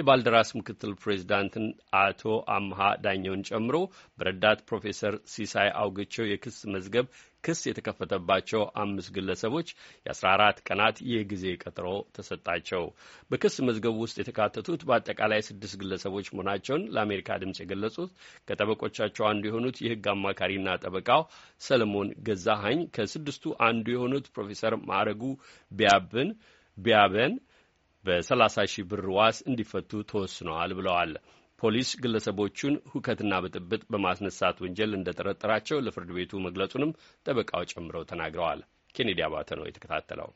የባልደራስ ምክትል ፕሬዚዳንትን አቶ አምሃ ዳኘውን ጨምሮ በረዳት ፕሮፌሰር ሲሳይ አውግቸው የክስ መዝገብ ክስ የተከፈተባቸው አምስት ግለሰቦች የ14 ቀናት የጊዜ ቀጠሮ ተሰጣቸው። በክስ መዝገቡ ውስጥ የተካተቱት በአጠቃላይ ስድስት ግለሰቦች መሆናቸውን ለአሜሪካ ድምፅ የገለጹት ከጠበቆቻቸው አንዱ የሆኑት የሕግ አማካሪና ጠበቃው ሰለሞን ገዛሀኝ ከስድስቱ አንዱ የሆኑት ፕሮፌሰር ማዕረጉ ቢያብን ቢያበን በ30 ሺህ ብር ዋስ እንዲፈቱ ተወስነዋል ብለዋል። ፖሊስ ግለሰቦቹን ሁከትና ብጥብጥ በማስነሳት ወንጀል እንደጠረጠራቸው ለፍርድ ቤቱ መግለጹንም ጠበቃው ጨምረው ተናግረዋል። ኬኔዲ አባተ ነው የተከታተለው።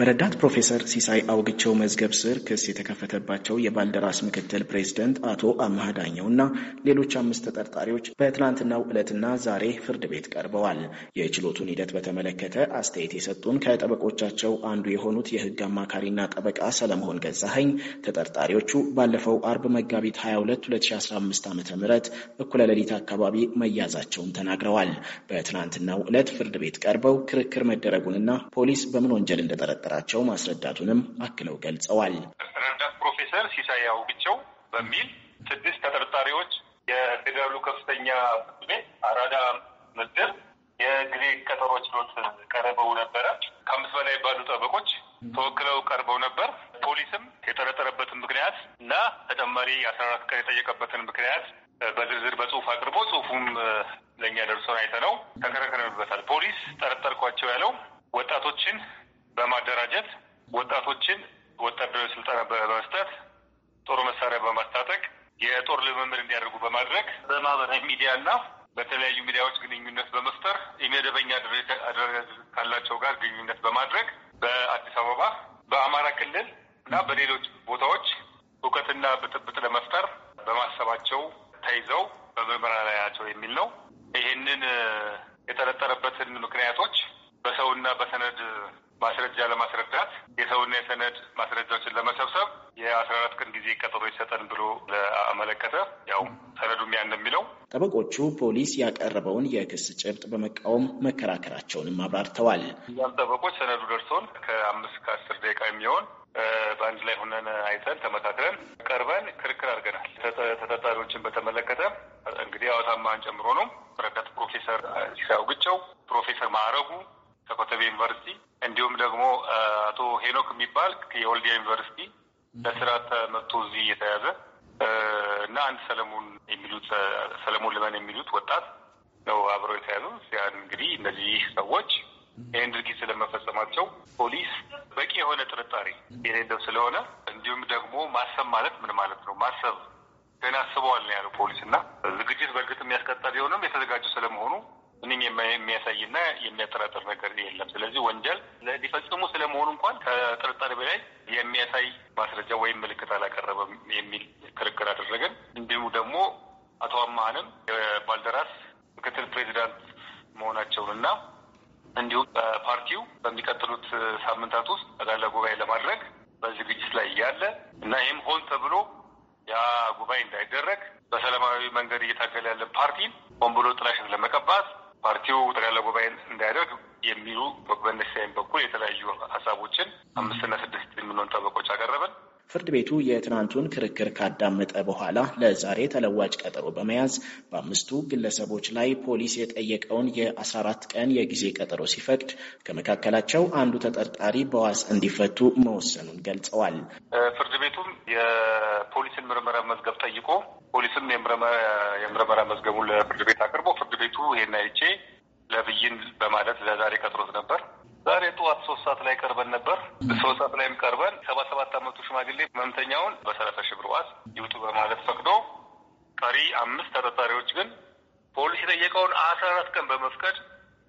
በረዳት ፕሮፌሰር ሲሳይ አውግቸው መዝገብ ስር ክስ የተከፈተባቸው የባልደራስ ምክትል ፕሬዚደንት አቶ አምሃ እና ሌሎች አምስት ተጠርጣሪዎች በትናንትናው ዕለትና ዛሬ ፍርድ ቤት ቀርበዋል። የችሎቱን ሂደት በተመለከተ አስተያየት የሰጡን ከጠበቆቻቸው አንዱ የሆኑት የህግ አማካሪና ጠበቃ ሰለሞን ገዛኸኝ ተጠርጣሪዎቹ ባለፈው አርብ መጋቢት 22 2015 ዓ ም እኩለ ሌሊት አካባቢ መያዛቸውን ተናግረዋል። በትናንትናው ዕለት ፍርድ ቤት ቀርበው ክርክር መደረጉንና ፖሊስ በምን ወንጀል እንደጠረጠ እንዳነጋገራቸው ማስረዳቱንም አክለው ገልጸዋል። ረዳት ፕሮፌሰር ሲሳይ ብቸው በሚል ስድስት ተጠርጣሪዎች የፌዴራሉ ከፍተኛ ፍርድ ቤት አራዳ ምድር የጊዜ ቀጠሮ ችሎት ቀርበው ነበረ። ከአምስት በላይ ባሉ ጠበቆች ተወክለው ቀርበው ነበር። ፖሊስም የጠረጠረበትን ምክንያት እና ተጨማሪ አስራ አራት ቀን የጠየቀበትን ምክንያት በዝርዝር በጽሁፍ አቅርቦ ጽሁፉም ለእኛ ደርሶን አይተነው ተከራክረንበታል። ፖሊስ ጠረጠርኳቸው ያለው ወጣቶችን ወጣቶችን ወታደራዊ ስልጠና በመስጠት ጦር መሳሪያ በማስታጠቅ የጦር ልምምድ እንዲያደርጉ በማድረግ በማህበራዊ ሚዲያ በተለያዩ ሚዲያዎች ግንኙነት በመፍጠር የመደበኛ አደረጃጀት ካላቸው ጋር ግንኙነት በማድረግ በአዲስ አበባ፣ በአማራ ክልል እና በሌሎች ቦታዎች እውቀትና ብጥብጥ ለመፍጠር በማሰባቸው ተይዘው በምርመራ ላይ ናቸው የሚል ነው። ይህንን የጠረጠረበትን ምክንያት አስራ አራት ቀን ጊዜ ቀጠሮ ይሰጠን ብሎ አመለከተ። ያው ሰነዱም ያን የሚለው ጠበቆቹ ፖሊስ ያቀረበውን የክስ ጭብጥ በመቃወም መከራከራቸውንም አብራርተዋል። እኛም ጠበቆች ሰነዱ ደርሶን ከአምስት ከአስር ደቂቃ የሚሆን በአንድ ላይ ሆነን አይተን ተመካክረን ቀርበን ክርክር አድርገናል። ተጠርጣሪዎችን በተመለከተ እንግዲህ አዋታማን ጨምሮ ነው ረዳት ፕሮፌሰር ሲሳው ግጨው፣ ፕሮፌሰር ማዕረጉ ከኮተቤ ዩኒቨርሲቲ እንዲሁም ደግሞ አቶ ሄኖክ የሚባል የወልዲያ ዩኒቨርሲቲ በስራ ተመቶ እዚህ እየተያዘ እና አንድ ሰለሞን የሚሉት ሰለሞን ልመን የሚሉት ወጣት ነው አብረው የተያዙ ያን እንግዲህ እነዚህ ሰዎች ይህን ድርጊት ስለመፈጸማቸው ፖሊስ በቂ የሆነ ጥርጣሬ የሌለው ስለሆነ እንዲሁም ደግሞ ማሰብ ማለት ምን ማለት ነው ማሰብ ገና አስበዋል ነው ያለው ፖሊስ እና ዝግጅት በእርግጥ የሚያስቀጣ ቢሆንም የተዘጋጁ ስለመሆኑ ምንም የሚያሳይና የሚያጠራጥር ነገር የለም። ስለዚህ ወንጀል ሊፈጽሙ ስለመሆኑ እንኳን ከጥርጣሬ በላይ የሚያሳይ ማስረጃ ወይም ምልክት አላቀረበም የሚል ክርክር አደረግን። እንዲሁ ደግሞ አቶ አማሃንም የባልደራስ ምክትል ፕሬዚዳንት መሆናቸውን እና እንዲሁም ፓርቲው በሚቀጥሉት ሳምንታት ውስጥ ጠቅላላ ጉባኤ ለማድረግ በዝግጅት ላይ እያለ እና ይህም ሆን ተብሎ ያ ጉባኤ እንዳይደረግ በሰላማዊ መንገድ እየታገለ ያለ ፓርቲን ሆን ብሎ ጥላሽ የሚሆን ጠበቆች አቀረብን። ፍርድ ቤቱ የትናንቱን ክርክር ካዳመጠ በኋላ ለዛሬ ተለዋጭ ቀጠሮ በመያዝ በአምስቱ ግለሰቦች ላይ ፖሊስ የጠየቀውን የ14 ቀን የጊዜ ቀጠሮ ሲፈቅድ ከመካከላቸው አንዱ ተጠርጣሪ በዋስ እንዲፈቱ መወሰኑን ገልጸዋል። ፍርድ ቤቱም የፖሊስን ምርመራ መዝገብ ጠይቆ ፖሊስም የምርመራ መዝገቡን ለፍርድ ቤት አቅርቦ ፍርድ ቤቱ ይሄን አይቼ ለብይን በማለት ለዛሬ ቀጥሮት ነበር። ዛሬ ጠዋት ሶስት ሰዓት ላይ ቀርበን ነበር። ሶስት ሰዓት ላይም ቀርበን ሰባ ሰባት አመቱ ሽማግሌ መምተኛውን በሰላሳ ሺህ ብር ዋስ ይውጡ በማለት ፈቅዶ ቀሪ አምስት ተጠርጣሪዎች ግን ፖሊስ የጠየቀውን አስራ አራት ቀን በመፍቀድ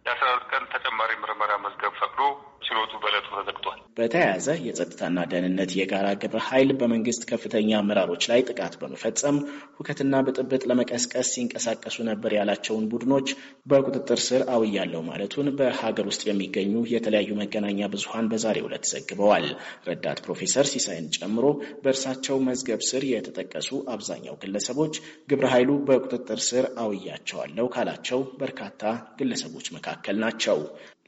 የአስራ አራት ቀን ተጨማሪ ምርመራ መዝገብ ፈቅዶ ችሎቱ በዕለቱ ተዘግቷል። በተያያዘ የጸጥታና ደህንነት የጋራ ግብረ ኃይል በመንግስት ከፍተኛ አመራሮች ላይ ጥቃት በመፈጸም ሁከትና ብጥብጥ ለመቀስቀስ ሲንቀሳቀሱ ነበር ያላቸውን ቡድኖች በቁጥጥር ስር አውያለሁ ማለቱን በሀገር ውስጥ የሚገኙ የተለያዩ መገናኛ ብዙሀን በዛሬ ዕለት ዘግበዋል። ረዳት ፕሮፌሰር ሲሳይን ጨምሮ በእርሳቸው መዝገብ ስር የተጠቀሱ አብዛኛው ግለሰቦች ግብረ ኃይሉ በቁጥጥር ስር አውያቸዋለው ካላቸው በርካታ ግለሰቦች መካከል ናቸው።